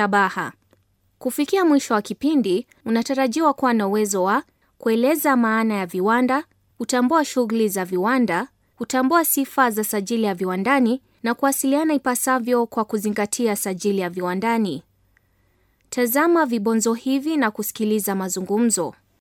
Shabaha. Kufikia mwisho wa kipindi, unatarajiwa kuwa na uwezo wa kueleza maana ya viwanda, kutambua shughuli za viwanda, kutambua sifa za sajili ya viwandani na kuwasiliana ipasavyo kwa kuzingatia sajili ya viwandani. Tazama vibonzo hivi na kusikiliza mazungumzo.